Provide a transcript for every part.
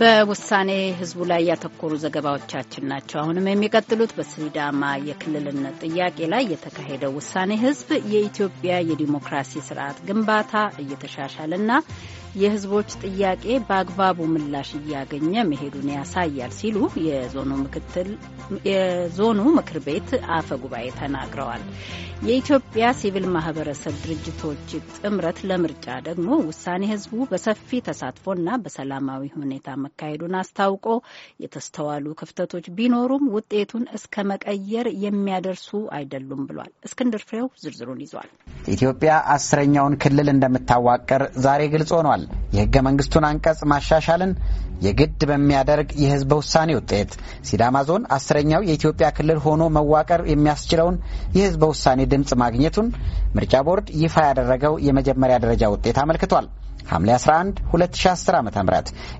በውሳኔ ህዝቡ ላይ ያተኮሩ ዘገባዎቻችን ናቸው። አሁንም የሚቀጥሉት በሲዳማ የክልልነት ጥያቄ ላይ የተካሄደው ውሳኔ ህዝብ የኢትዮጵያ የዲሞክራሲ ስርዓት ግንባታ እየተሻሻለና የህዝቦች ጥያቄ በአግባቡ ምላሽ እያገኘ መሄዱን ያሳያል ሲሉ የዞኑ ምክትል የዞኑ ምክር ቤት አፈ ጉባኤ ተናግረዋል። የኢትዮጵያ ሲቪል ማህበረሰብ ድርጅቶች ጥምረት ለምርጫ ደግሞ ውሳኔ ህዝቡ በሰፊ ተሳትፎና በሰላማዊ ሁኔታ መካሄዱን አስታውቆ የተስተዋሉ ክፍተቶች ቢኖሩም ውጤቱን እስከ መቀየር የሚያደርሱ አይደሉም ብሏል። እስክንድር ፍሬው ዝርዝሩን ይዟል። ኢትዮጵያ አስረኛውን ክልል እንደምታዋቅር ዛሬ ግልጽ ሆኗል። ብለዋል። የህገ መንግስቱን አንቀጽ ማሻሻልን የግድ በሚያደርግ የህዝበ ውሳኔ ውጤት ሲዳማ ዞን አስረኛው የኢትዮጵያ ክልል ሆኖ መዋቀር የሚያስችለውን የህዝበ ውሳኔ ድምፅ ማግኘቱን ምርጫ ቦርድ ይፋ ያደረገው የመጀመሪያ ደረጃ ውጤት አመልክቷል። ሐምሌ 11 2010 ዓ ም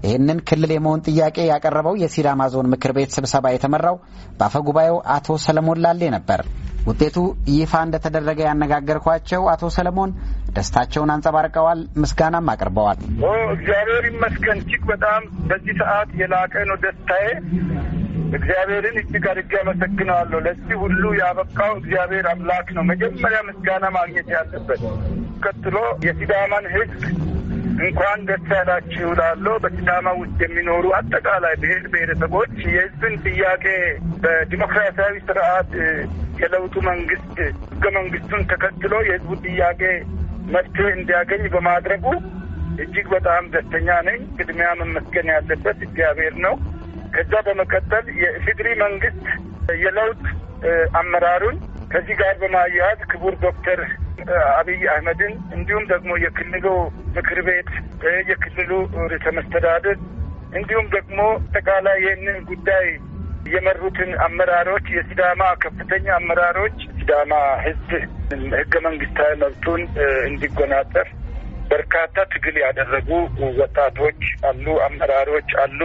ይህንን ክልል የመሆን ጥያቄ ያቀረበው የሲዳማ ዞን ምክር ቤት ስብሰባ የተመራው በአፈ ጉባኤው አቶ ሰለሞን ላሌ ነበር። ውጤቱ ይፋ እንደተደረገ ያነጋገርኳቸው አቶ ሰለሞን ደስታቸውን አንጸባርቀዋል። ምስጋናም አቅርበዋል። ኦ እግዚአብሔር ይመስገን እጅግ በጣም በዚህ ሰዓት የላቀ ነው ደስታዬ። እግዚአብሔርን እጅግ አድርጌ አመሰግነዋለሁ። ለዚህ ሁሉ ያበቃው እግዚአብሔር አምላክ ነው። መጀመሪያ ምስጋና ማግኘት ያለበት። ቀጥሎ የሲዳማን ህዝብ። እንኳን ደስ ያላችሁ ላለው በሲዳማ ውስጥ የሚኖሩ አጠቃላይ ብሔር ብሔረሰቦች የህዝብን ጥያቄ በዲሞክራሲያዊ ስርዓት የለውጡ መንግስት ህገ መንግስቱን ተከትሎ የህዝቡ ጥያቄ መፍትሄ እንዲያገኝ በማድረጉ እጅግ በጣም ደስተኛ ነኝ። ቅድሚያ መመስገን ያለበት እግዚአብሔር ነው። ከዛ በመቀጠል የኢፌዴሪ መንግስት የለውጥ አመራሩን ከዚህ ጋር በማያያዝ ክቡር ዶክተር አብይ አህመድን እንዲሁም ደግሞ የክልሉ ምክር ቤት የክልሉ ርዕሰ መስተዳድር እንዲሁም ደግሞ አጠቃላይ ይህንን ጉዳይ የመሩትን አመራሮች የሲዳማ ከፍተኛ አመራሮች ሲዳማ ህዝብ ህገ መንግስታዊ መብቱን እንዲጎናጸፍ በርካታ ትግል ያደረጉ ወጣቶች አሉ፣ አመራሮች አሉ።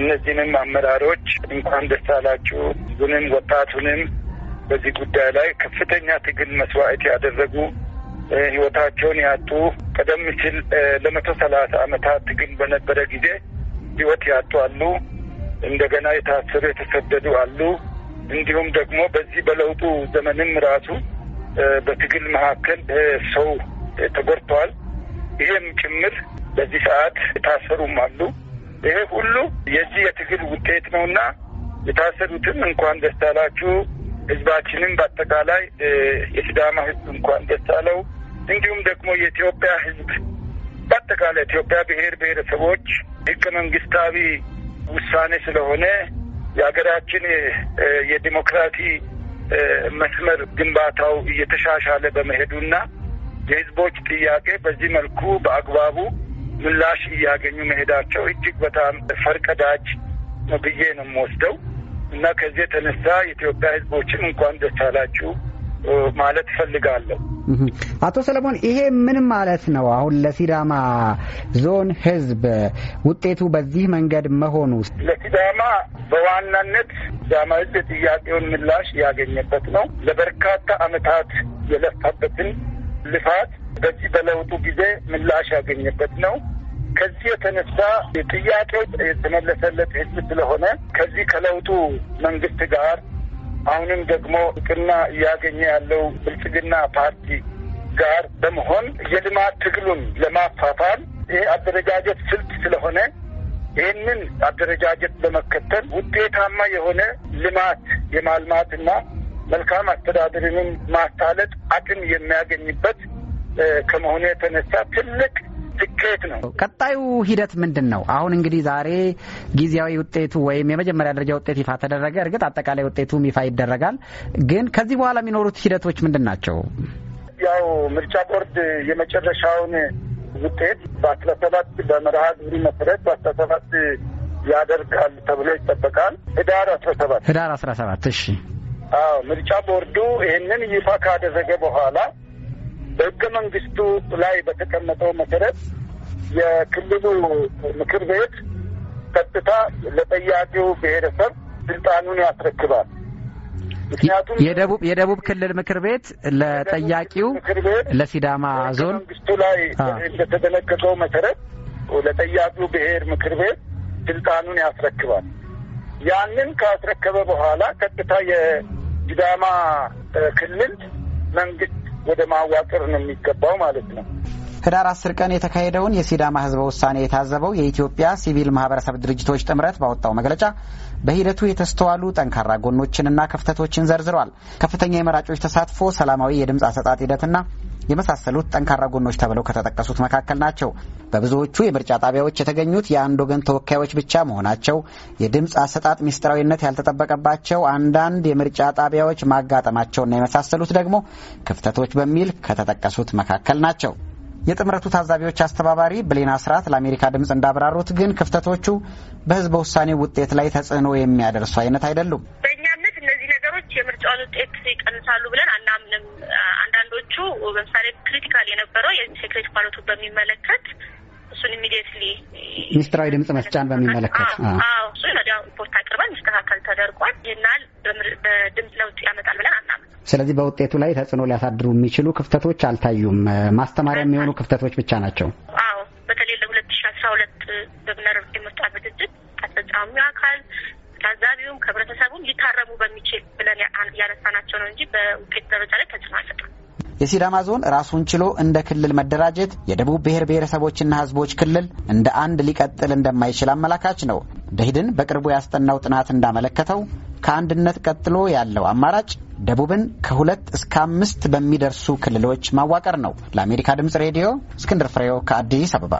እነዚህንም አመራሮች እንኳን ደስ አላችሁ፣ ህዝቡንም ወጣቱንም በዚህ ጉዳይ ላይ ከፍተኛ ትግል መስዋዕት ያደረጉ ህይወታቸውን ያጡ ቀደም ሲል ለመቶ ሰላሳ አመታት ትግል በነበረ ጊዜ ህይወት ያጡ አሉ። እንደገና የታሰሩ የተሰደዱ አሉ። እንዲሁም ደግሞ በዚህ በለውጡ ዘመንም ራሱ በትግል መካከል ሰው ተጎድተዋል። ይህም ጭምር በዚህ ሰዓት የታሰሩም አሉ። ይሄ ሁሉ የዚህ የትግል ውጤት ነውና የታሰሩትም እንኳን ደስ አላችሁ ህዝባችንም በአጠቃላይ የሲዳማ ህዝብ እንኳን ደስ አለው። እንዲሁም ደግሞ የኢትዮጵያ ህዝብ በአጠቃላይ ኢትዮጵያ ብሔር ብሔረሰቦች ህገ መንግስታዊ ውሳኔ ስለሆነ የሀገራችን የዲሞክራሲ መስመር ግንባታው እየተሻሻለ በመሄዱና የህዝቦች ጥያቄ በዚህ መልኩ በአግባቡ ምላሽ እያገኙ መሄዳቸው እጅግ በጣም ፈርቀዳጅ ነው ብዬ ነው የምወስደው። እና ከዚህ የተነሳ የኢትዮጵያ ህዝቦችን እንኳን ደስ አላችሁ ማለት እፈልጋለሁ። አቶ ሰለሞን ይሄ ምን ማለት ነው? አሁን ለሲዳማ ዞን ህዝብ ውጤቱ በዚህ መንገድ መሆኑ ለሲዳማ በዋናነት ሲዳማ ህዝብ ጥያቄውን ምላሽ ያገኘበት ነው። ለበርካታ አመታት የለፋበትን ልፋት በዚህ በለውጡ ጊዜ ምላሽ ያገኘበት ነው። ከዚህ የተነሳ ጥያቄ የተመለሰለት ህዝብ ስለሆነ ከዚህ ከለውጡ መንግስት ጋር አሁንም ደግሞ እውቅና እያገኘ ያለው ብልጽግና ፓርቲ ጋር በመሆን የልማት ትግሉን ለማፋፋል ይህ አደረጃጀት ስልት ስለሆነ ይህንን አደረጃጀት በመከተል ውጤታማ የሆነ ልማት የማልማትና መልካም አስተዳደርንም ማሳለጥ አቅም የሚያገኝበት ከመሆኑ የተነሳ ትልቅ ስኬት ነው። ቀጣዩ ሂደት ምንድን ነው? አሁን እንግዲህ ዛሬ ጊዜያዊ ውጤቱ ወይም የመጀመሪያ ደረጃ ውጤት ይፋ ተደረገ። እርግጥ አጠቃላይ ውጤቱም ይፋ ይደረጋል። ግን ከዚህ በኋላ የሚኖሩት ሂደቶች ምንድን ናቸው? ያው ምርጫ ቦርድ የመጨረሻውን ውጤት በአስራ ሰባት በመርሃ ግብሩ መሰረት በአስራ ሰባት ያደርጋል ተብሎ ይጠበቃል። ህዳር አስራ ሰባት ህዳር አስራ ሰባት እሺ። አዎ ምርጫ ቦርዱ ይህንን ይፋ ካደረገ በኋላ በህገ መንግስቱ ላይ በተቀመጠው መሰረት የክልሉ ምክር ቤት ቀጥታ ለጠያቂው ብሔረሰብ ስልጣኑን ያስረክባል። ምክንያቱም የደቡብ የደቡብ ክልል ምክር ቤት ለጠያቂው ምክር ቤት ለሲዳማ ዞን መንግስቱ ላይ እንደተደነገገው መሰረት ለጠያቂው ብሔር ምክር ቤት ስልጣኑን ያስረክባል። ያንን ካስረከበ በኋላ ቀጥታ የሲዳማ ክልል መንግስት ወደ ማዋቅር ነው የሚገባው ማለት ነው። ህዳር አስር ቀን የተካሄደውን የሲዳማ ህዝበ ውሳኔ የታዘበው የኢትዮጵያ ሲቪል ማህበረሰብ ድርጅቶች ጥምረት ባወጣው መግለጫ በሂደቱ የተስተዋሉ ጠንካራ ጎኖችንና ክፍተቶችን ዘርዝሯል። ከፍተኛ የመራጮች ተሳትፎ፣ ሰላማዊ የድምፅ አሰጣጥ ሂደትና የመሳሰሉት ጠንካራ ጎኖች ተብለው ከተጠቀሱት መካከል ናቸው። በብዙዎቹ የምርጫ ጣቢያዎች የተገኙት የአንድ ወገን ተወካዮች ብቻ መሆናቸው፣ የድምፅ አሰጣጥ ሚስጥራዊነት ያልተጠበቀባቸው አንዳንድ የምርጫ ጣቢያዎች ማጋጠማቸውና የመሳሰሉት ደግሞ ክፍተቶች በሚል ከተጠቀሱት መካከል ናቸው። የጥምረቱ ታዛቢዎች አስተባባሪ ብሌን አስራት ለአሜሪካ ድምፅ እንዳብራሩት ግን ክፍተቶቹ በህዝበ ውሳኔ ውጤት ላይ ተጽዕኖ የሚያደርሱ አይነት አይደሉም። በእኛ እምነት እነዚህ ነገሮች የምርጫውን ውጤት ይቀንሳሉ ብለን አናምንም። አንዳንዶቹ ለምሳሌ ክሪቲካል የነበረው የሴክሬት ፓይለቱ በሚመለከት እሱን ኢሚዲየትሊ ሚኒስትራዊ ድምጽ መስጫን በሚመለከት እሱን ወዲያው ሪፖርት አቅርበን ሚስተካከል ተደርጓል። ይህናል በድምፅ ለውጥ ያመጣል ብለን ስለዚህ በውጤቱ ላይ ተጽዕኖ ሊያሳድሩ የሚችሉ ክፍተቶች አልታዩም። ማስተማሪያ የሚሆኑ ክፍተቶች ብቻ ናቸው። አዎ በተለይ ለሁለት ሺ አስራ ሁለት በምናደርግ የምርጫ ዝግጅት አስፈጻሚው አካል ታዛቢውም ከህብረተሰቡም ሊታረሙ በሚችል ብለን ያነሳናቸው ነው እንጂ በውጤት ደረጃ ላይ ተጽዕኖ አይሰጥም። የሲዳማ ዞን ራሱን ችሎ እንደ ክልል መደራጀት የደቡብ ብሔር ብሔረሰቦችና ህዝቦች ክልል እንደ አንድ ሊቀጥል እንደማይችል አመላካች ነው። ደሂድን በቅርቡ ያስጠናው ጥናት እንዳመለከተው ከአንድነት ቀጥሎ ያለው አማራጭ ደቡብን ከሁለት እስከ አምስት በሚደርሱ ክልሎች ማዋቀር ነው። ለአሜሪካ ድምጽ ሬዲዮ እስክንድር ፍሬው ከአዲስ አበባ